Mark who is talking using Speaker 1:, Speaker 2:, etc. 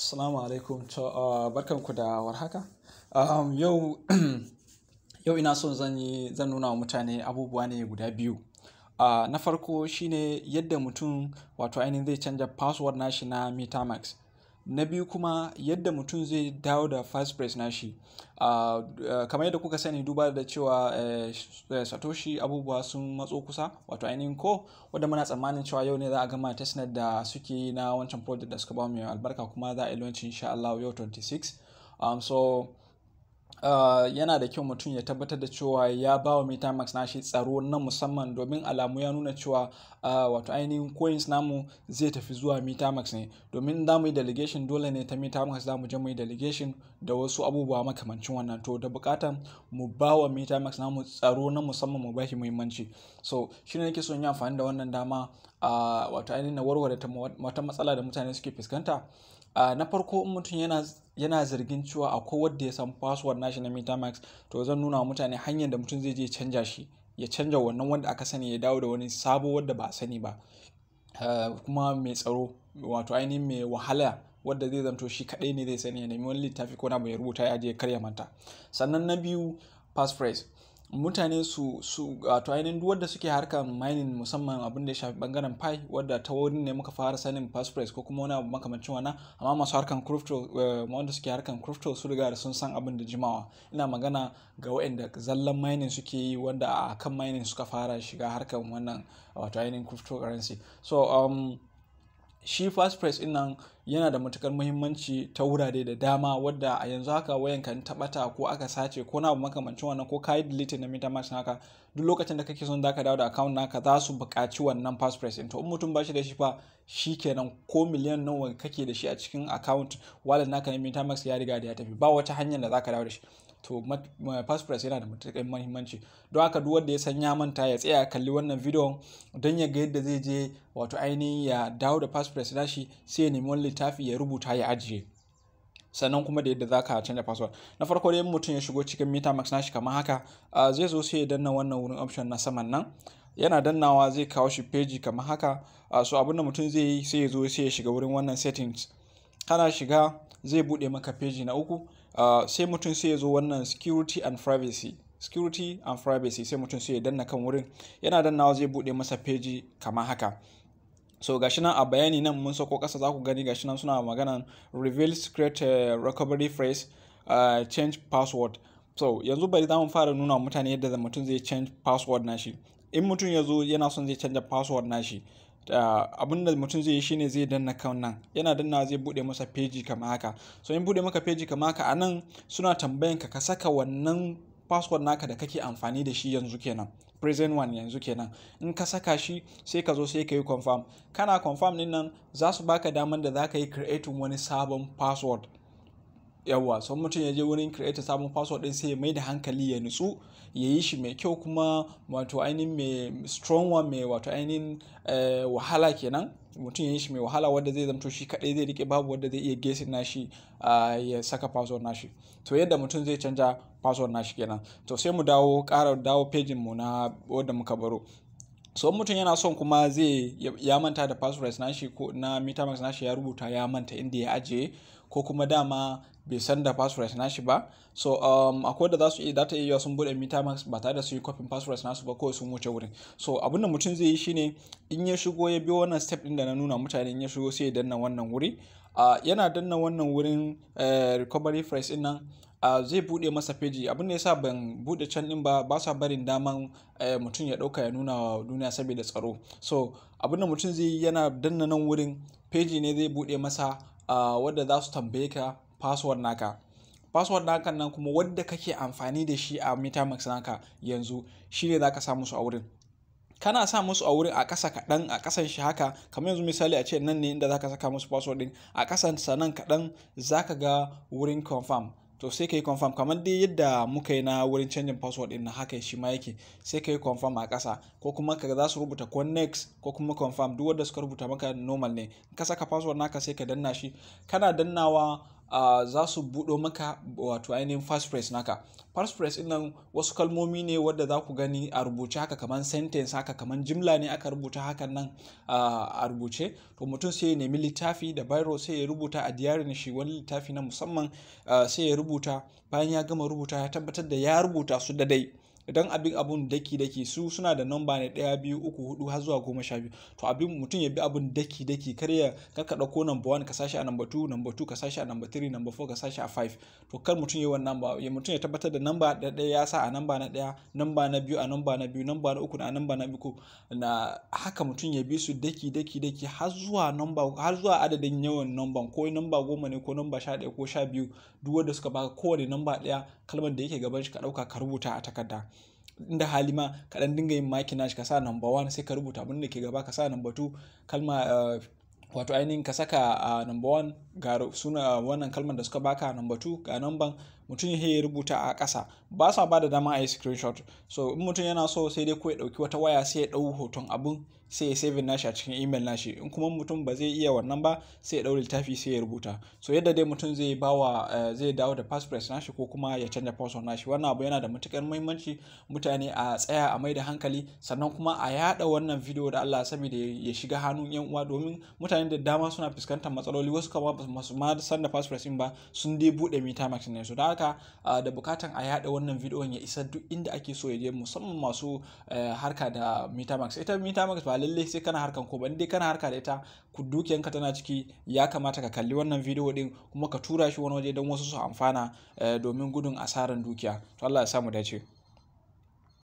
Speaker 1: Assalamu alaikum to uh, barkanku da warhaka. Um, haka yau ina son zan nuna wa mutane abubuwa ne guda biyu. Uh, na farko shine yadda mutum wato ainihin zai canja password nashi na Metamax na biyu kuma yadda mutum zai dawo da fast press nashi uh, uh, kamar yadda kuka sani duba da cewa uh, satoshi abubuwa sun matso kusa wato ainihin ko wadda muna tsammanin cewa yau ne za a gama testnet da suke na wancan project da suka ba mu albarka kuma za a yi launch insha Allah yau 26 um, so Uh, yana da kyau mutum ya tabbatar da cewa ya ba wa metamax nashi tsaro na musamman domin alamu ya nuna cewa uh, wato ainihin coins namu zai tafi zuwa metamax ne domin za mu yi delegation dole ne ta metamax za mu je mu yi delegation da wasu abubuwa makamancin wannan to da bukatan mu ba wa metamax namu tsaro na musamman mu ba shi muhimmanci so shi ne nake son yi amfani da wannan dama uh, wato ainihin na warware wata matsala da mutane suke fuskanta uh, na farko mutum yana yana zargin cewa akwai wadda ya san password nashi na metamax to zan nuna wa mutane hanyar da mutum zai je canja shi ya canja wannan wanda aka sani ya dawo da wani sabo wadda ba a sani ba eh, kuma mai tsaro wato ainihin mai wahala wadda zai zanto shi kaɗai ne zai sani ya nemi wani littafi ko na bai rubuta ya je karya manta sannan na biyu passphrase mutane su su wato ainihin duk wanda suke harkar mining musamman abin da ya shafi bangaren pi wadda ta wurin ne muka fara sanin fast price ko kuma wani abu makamancin wannan amma masu harkan crypto eh, wanda suke harkar crypto su riga da sun san abin da jimawa ina magana ga waɗanda zallan mining suke yi wanda a kan mining suka fara shiga harkan wannan wato ainihin cryptocurrency so um, shi fast press din nan yana da matukar muhimmanci ta wurare da dama wadda a yanzu haka wayan kan ta ko aka sace ko na makamancin wannan ko kayi delete na metamask naka duk lokacin da kake son zaka dawo da account naka za su buƙaci wannan fast press din to in mutum ba shi da shi fa shikenan ko miliyan nawa kake da shi a cikin account wallet naka na metamask ya riga da ya tafi ba wata hanyar da zaka dawo da shi to past yana da matuƙar mahimmanci don haka duk wanda ya san ya manta ya tsaya kalli wannan video don ya ga yadda zai je wato ainihin ya dawo da past na shi sai ya nemi wani littafi ya rubuta ya ajiye sannan kuma da yadda za ka canza password na farko dai mutum ya shigo cikin metamax nashi kamar haka ah, zai zo sai ya danna wannan wurin option na saman nan yana dannawa zai kawo shi peji kamar haka ah, so da mutum zai yi sai ya zo sai ya shiga wurin wannan settings kana shiga zai buɗe maka peji na uku Ah, sai mutum sai ya zo wannan security and privacy security and privacy sai mutum sai ya danna kan wurin yana dannawa zai bude masa feji kamar haka so gashi nan a bayani nan mun sako kasa za ku gani gashi nan suna magana reveal secret uh, recovery phrase uh, change password so yanzu bari za mu fara nuna mutane yadda mutum zai change password nashi in mutum ya zo yana son zai canja password nashi abin da mutum zai yi shine zai danna kan nan yana danna zai bude masa peji kama haka so in bude maka peji kama haka anan suna tambayan ka ka saka wannan password naka da kake amfani da shi yanzu kenan present one yanzu kenan in ka saka shi sai ka zo sai ka yi confirm kana confirm din nan za su baka daman da za ka yi creating wani sabon password yawa son mutum ya je wurin creator sabon faso din sai ya mai da hankali ya nutsu ya yi shi mai kyau kuma wato ainihin mai strong one mai wato ainihin eh, wahala kenan mutum ya yi shi mai wahala wanda zai zamto shi kadai zai rike babu wadda zai iya gesin nashi ah, ya saka password nashi to yadda mutum zai canja faso nashi kenan to sai mu dawo ƙara dawo pejin mu na wadda muka baro so mutum yana son kuma zai ya manta da password nashi ko na metamax nashi ya rubuta ya manta inda ya ajiye ko kuma dama bai san da password nashi ba so um, akwai da za su iya data iya sun bude metamax ba tare da su yi copying password nasu ba ko sun wuce wurin so abinda mutum zai yi shine in ya shigo ya bi wannan step din da na nuna mutane in ya shigo sai ya danna wannan wuri uh, yana danna wannan wurin eh, recovery phrase din nan uh, zai bude masa feji abin da yasa ban bude can din ba ba sa barin daman eh, mutum ya dauka ya nuna wa duniya saboda tsaro so abin mutum zai yana danna nan wurin feji ne zai bude masa uh, wadda za su tambaye ka password naka password naka nan kuma wadda kake amfani da shi a metamax naka yanzu shine zaka sa musu a wurin kana sa musu a wurin a ƙasa kaɗan a ƙasan shi haka kamar yanzu misali a ce nan ne inda zaka saka musu password ɗin a ƙasan sa nan kaɗan zaka ga wurin confirm to sai ka yi confirm kamar dai yadda muka yi na wurin canjin password din na haka shi ma yake sai ka yi confirm a ƙasa ko kuma ka za su rubuta ko next ko kuma confirm duk wanda suka rubuta maka normal ne ka saka password naka sai ka danna shi kana dannawa uh, za su buɗo maka wato ainihin first press naka first press ɗin nan wasu kalmomi ne wadda za ku gani a rubuce haka kamar sentence haka kamar jimla ne aka rubuta hakan nan a rubuce to mutum sai ya nemi littafi da biro sai ya rubuta a diyarin shi wani littafi na musamman uh, sai ya rubuta bayan ya gama rubuta ya tabbatar da ya rubuta su da dai don abin abun daki daki su suna da namba ne ɗaya biyu uku hudu har zuwa goma sha biyu to abin mutum ya bi abun daki daki kar ya kar ka number namba one ka sashi a namba two namba two ka sashi a namba three namba four ka sashi a five to kar mutum ya yi wannan ba ya mutum ya tabbatar da namba da ɗaya ya sa a namba na ɗaya namba na biyu a namba na biyu namba na uku a namba na biyu na haka mutum ya bi su daki daki daki har zuwa namba har zuwa adadin yawan namban ko namba goma ne ko namba sha daya ko sha biyu duk wanda suka baka kowane namba ɗaya kalmar da yake gaban shi ka dauka ka rubuta a takarda inda hali ma ka dinga yin makina shi ka sa number 1 sai ka rubuta abin da ke gaba ka sa number 2 kalma eh, wato ainihin ka saka a number one ga suna wannan kalmar da suka baka number two ga number mutum ya rubuta a kasa ba sa ba da dama a yi screenshot so in mutum yana so sai dai ko ya ɗauki wata waya sai ya ɗau hoton abun sai ya saving nashi a cikin email nashi in kuma mutum ba zai iya wannan ba sai ya ɗau littafi sai ya rubuta so yadda dai mutum zai bawa eh, zai dawo da passport nashi ko kuma ya canja password nashi wannan abu yana da matukar muhimmanci mutane a tsaya a mai da hankali sannan kuma a yada wannan video da Allah saboda ya shiga hannun yan uwa domin mutane mutane da dama suna fuskantar matsaloli wasu kama masu ma san da ba sun dai bude mita metamax ne su ah, da haka da bukatan a yada wannan bidiyon ya isa duk inda ake so ya je musamman masu eh, harka da mita max ita mita max ba lalle sai kana harkan ko ba dai kana harka da ita ku dukiyanka tana ciki ya kamata ka kalli wannan bidiyo din kuma ka tura shi wani waje don wasu su amfana eh, domin gudun asarar dukiya to Allah ya samu dace